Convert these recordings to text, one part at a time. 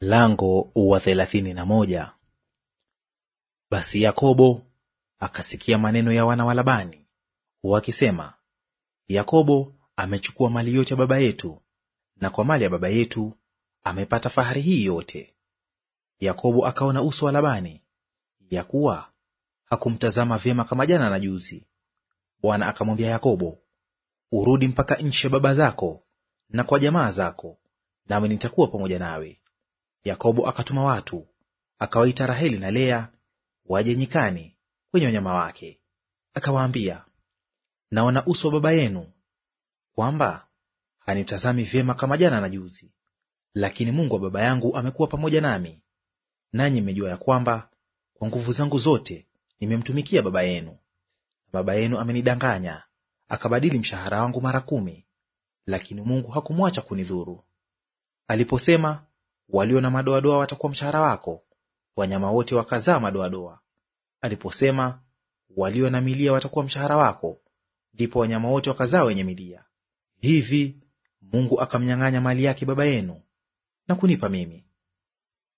Lango wa thelathini na moja. Basi Yakobo akasikia maneno ya wana wa Labani wakisema, Yakobo amechukua mali yote ya baba yetu, na kwa mali ya baba yetu amepata fahari hii yote. Yakobo akaona uso wa Labani ya kuwa hakumtazama vyema kama jana na juzi. Bwana akamwambia Yakobo, urudi mpaka nchi ya baba zako na kwa jamaa zako, nami nitakuwa pamoja nawe Yakobo akatuma watu, akawaita Raheli na Lea waje nyikani kwenye wanyama wake. Akawaambia, naona uso wa baba yenu kwamba hanitazami vyema kama jana na juzi, lakini Mungu wa baba yangu amekuwa pamoja nami, nanyi mmejua ya kwamba kwa nguvu zangu zote nimemtumikia baba yenu. Na baba yenu amenidanganya, akabadili mshahara wangu mara kumi, lakini Mungu hakumwacha kunidhuru. Aliposema, walio na madoadoa watakuwa mshahara wako, wanyama wote wakazaa madoadoa. Aliposema walio na milia watakuwa mshahara wako, ndipo wanyama wote wakazaa wenye milia. Hivi Mungu akamnyang'anya mali yake baba yenu na kunipa mimi.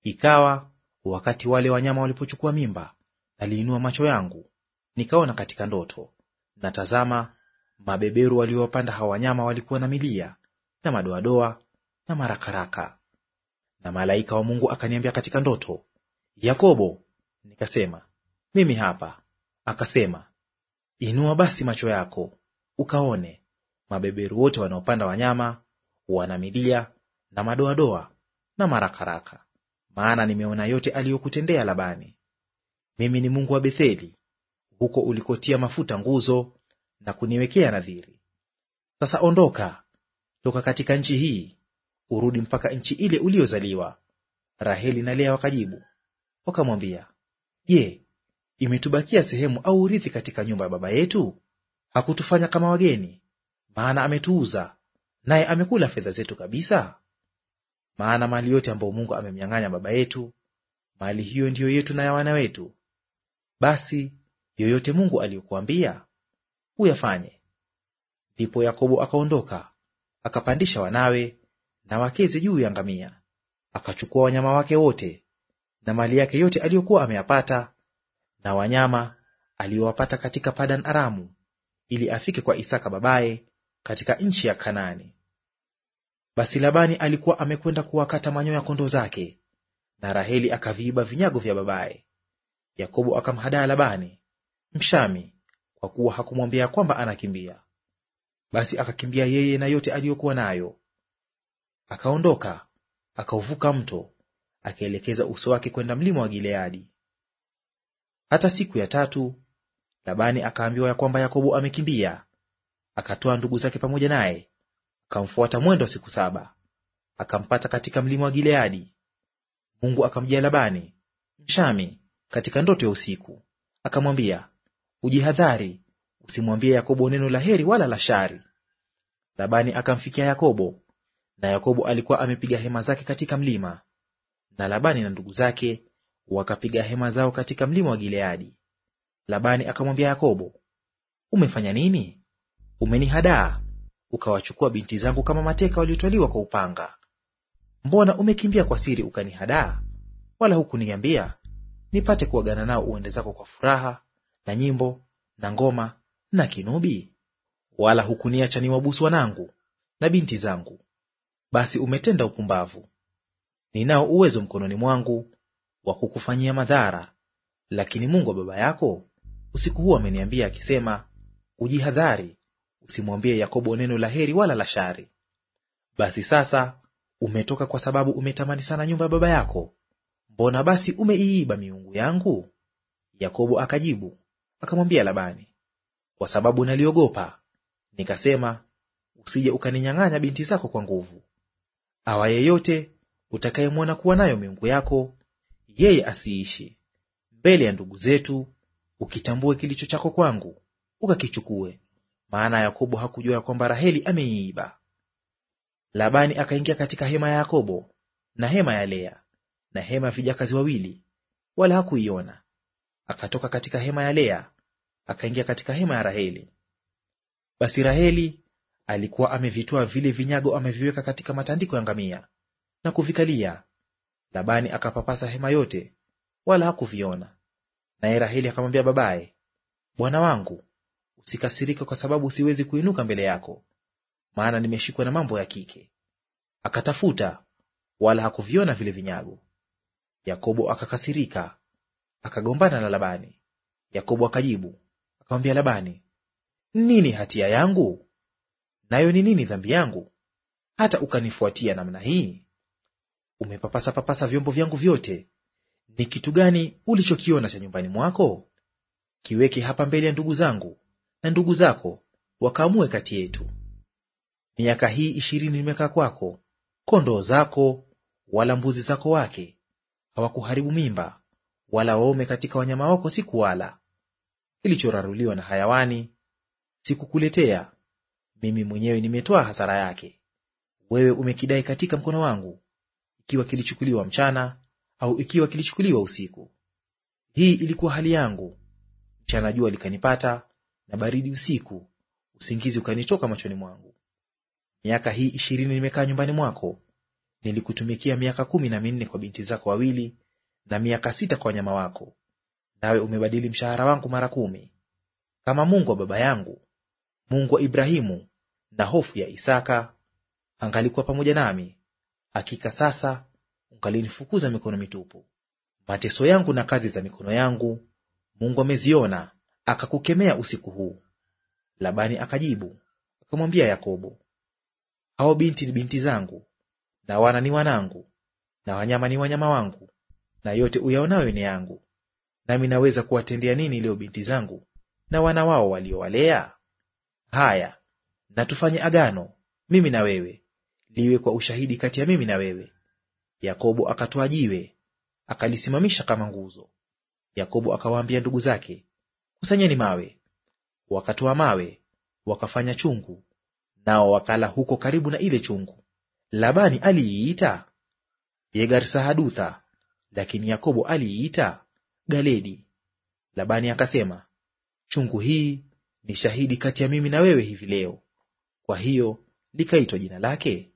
Ikawa wakati wale wanyama walipochukua mimba, naliinua macho yangu nikaona katika ndoto, na tazama, mabeberu waliowapanda hawa wanyama walikuwa na milia na madoadoa na marakaraka. Na malaika wa Mungu akaniambia katika ndoto, Yakobo. Nikasema, mimi hapa. Akasema, inua basi macho yako ukaone, mabeberu wote wanaopanda wanyama, wana milia na madoadoa na marakaraka, maana nimeona yote aliyokutendea Labani. Mimi ni Mungu wa Betheli, huko ulikotia mafuta nguzo na kuniwekea nadhiri. Sasa ondoka toka katika nchi hii urudi mpaka nchi ile uliyozaliwa. Raheli na Lea wakajibu wakamwambia, Je, imetubakia sehemu au urithi katika nyumba ya baba yetu? Hakutufanya kama wageni, maana ametuuza, naye amekula fedha zetu kabisa. Maana mali yote ambayo Mungu amemnyang'anya baba yetu, mali hiyo ndiyo yetu na ya wana wetu. Basi yoyote Mungu aliyokuambia uyafanye. Ndipo Yakobo akaondoka akapandisha wanawe na wakeze juu ya ngamia. Akachukua wanyama wake wote na mali yake yote aliyokuwa ameyapata na wanyama aliyowapata katika Padan Aramu, ili afike kwa Isaka babaye katika nchi ya Kanaani. Basi Labani alikuwa amekwenda kuwakata manyoya kondoo zake, na Raheli akaviiba vinyago vya babaye. Yakobo akamhadaa Labani Mshami, kwa kuwa hakumwambia kwamba anakimbia. Basi akakimbia yeye na yote aliyokuwa nayo, Akaondoka akauvuka mto, akaelekeza uso wake kwenda mlima wa Gileadi. Hata siku ya tatu Labani akaambiwa ya kwamba Yakobo amekimbia, akatoa ndugu zake pamoja naye, akamfuata mwendo wa siku saba, akampata katika mlima wa Gileadi. Mungu akamjia Labani Mshami katika ndoto ya usiku, akamwambia, Ujihadhari, usimwambie Yakobo neno la heri wala la shari. Labani akamfikia Yakobo na Yakobo alikuwa amepiga hema zake katika mlima, na Labani na ndugu zake wakapiga hema zao katika mlima wa Gileadi. Labani akamwambia Yakobo, umefanya nini? Umenihadaa ukawachukua binti zangu kama mateka waliotwaliwa kwa upanga. Mbona umekimbia kwa siri ukanihadaa, wala hukuniambia nipate kuagana nao uende zako kwa furaha na nyimbo na ngoma na kinubi? Wala hukuniacha niwabusu wanangu na binti zangu, basi umetenda upumbavu. Ninao uwezo mkononi mwangu wa kukufanyia madhara, lakini Mungu wa baba yako usiku huu ameniambia akisema, Ujihadhari, usimwambie Yakobo neno la heri wala la shari. Basi sasa umetoka kwa sababu umetamani sana nyumba ya baba yako; mbona basi umeiiba miungu yangu? Yakobo akajibu akamwambia Labani, kwa sababu naliogopa, nikasema, usije ukaninyang'anya binti zako kwa nguvu awa yeyote utakayemwona kuwa nayo miungu yako, yeye asiishi. Mbele ya ndugu zetu ukitambue kilicho chako kwangu, ukakichukue, maana Yakobo hakujua ya kwamba Raheli ameiiba. Labani akaingia katika hema ya Yakobo na hema ya Lea na hema ya vijakazi wawili, wala hakuiona. Akatoka katika hema ya Lea akaingia katika hema ya Raheli. Basi Raheli alikuwa amevitoa vile vinyago ameviweka katika matandiko ya ngamia na kuvikalia. Labani akapapasa hema yote, wala hakuviona. Naye Raheli akamwambia babaye, bwana wangu, usikasirike kwa sababu siwezi kuinuka mbele yako, maana nimeshikwa na mambo ya kike. Akatafuta wala hakuviona vile vinyago. Yakobo akakasirika, akagombana na Labani. Yakobo akajibu akamwambia Labani, nini hatia yangu? nayo ni nini dhambi yangu hata ukanifuatia namna hii? Umepapasa papasa vyombo vyangu vyote. Ni kitu gani ulichokiona cha nyumbani mwako? Kiweke hapa mbele ya ndugu zangu na ndugu zako, wakaamue kati yetu. Miaka hii ishirini nimekaa kwako, kondoo zako wala mbuzi zako wake hawakuharibu mimba, wala waume katika wanyama wako sikuwala. Kilichoraruliwa na hayawani sikukuletea, mimi mwenyewe nimetoa hasara yake. Wewe umekidai katika mkono wangu, ikiwa kilichukuliwa mchana au ikiwa kilichukuliwa usiku. Hii ilikuwa hali yangu: mchana jua likanipata, na baridi usiku, usingizi ukanitoka machoni mwangu. Miaka hii ishirini nimekaa nyumbani mwako, nilikutumikia miaka kumi na minne kwa binti zako wawili, na miaka sita kwa wanyama wako, nawe umebadili mshahara wangu mara kumi. Kama Mungu wa baba yangu Mungu wa Ibrahimu na hofu ya Isaka, angalikuwa pamoja nami, hakika sasa ungalinifukuza mikono mitupu. Mateso yangu na kazi za mikono yangu Mungu ameziona, akakukemea usiku huu. Labani akajibu akamwambia Yakobo, hao binti ni binti zangu, na wana ni wanangu, na wanyama ni wanyama wangu, na yote uyaonayo ni yangu. Nami naweza kuwatendea nini leo binti zangu na wana wao waliowalea? Haya, na tufanye agano, mimi na wewe, liwe kwa ushahidi kati ya mimi na wewe. Yakobo akatoa jiwe akalisimamisha kama nguzo. Yakobo akawaambia ndugu zake, kusanyeni mawe. Wakatoa mawe wakafanya chungu, nao wakala huko karibu na ile chungu. Labani aliiita Yegar-Sahadutha, lakini Yakobo aliiita Galedi. Labani akasema, chungu hii ni shahidi kati ya mimi na wewe hivi leo. Kwa hiyo likaitwa jina lake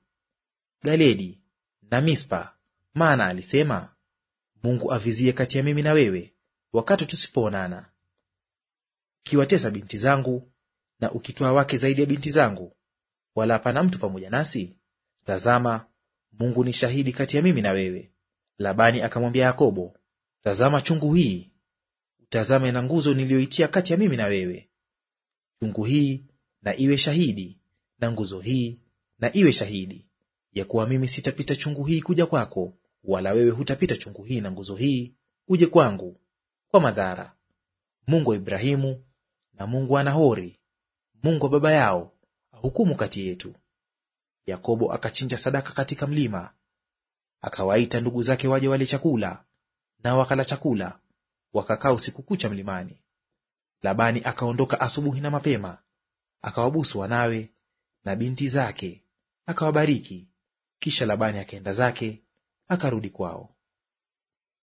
Galedi na Mispa, maana alisema, Mungu avizie kati ya mimi na wewe wakati tusipoonana. Ukiwatesa binti zangu na ukitwaa wake zaidi ya binti zangu, wala hapana mtu pamoja nasi, tazama, Mungu ni shahidi kati ya mimi na wewe. Labani akamwambia Yakobo, tazama chungu hii, utazame na nguzo niliyoitia kati ya mimi na wewe. Fungu hii na iwe shahidi, na nguzo hii na iwe shahidi, ya kuwa mimi sitapita chungu hii kuja kwako, wala wewe hutapita chungu hii na nguzo hii uje kwangu kwa madhara. Mungu wa Ibrahimu na Mungu wa Nahori, Mungu wa baba yao, ahukumu kati yetu. Yakobo akachinja sadaka katika mlima, akawaita ndugu zake waje wale chakula, nao wakala chakula, wakakaa usiku kucha mlimani. Labani akaondoka asubuhi na mapema, akawabusu wanawe na binti zake, akawabariki. Kisha Labani akaenda zake, akarudi kwao.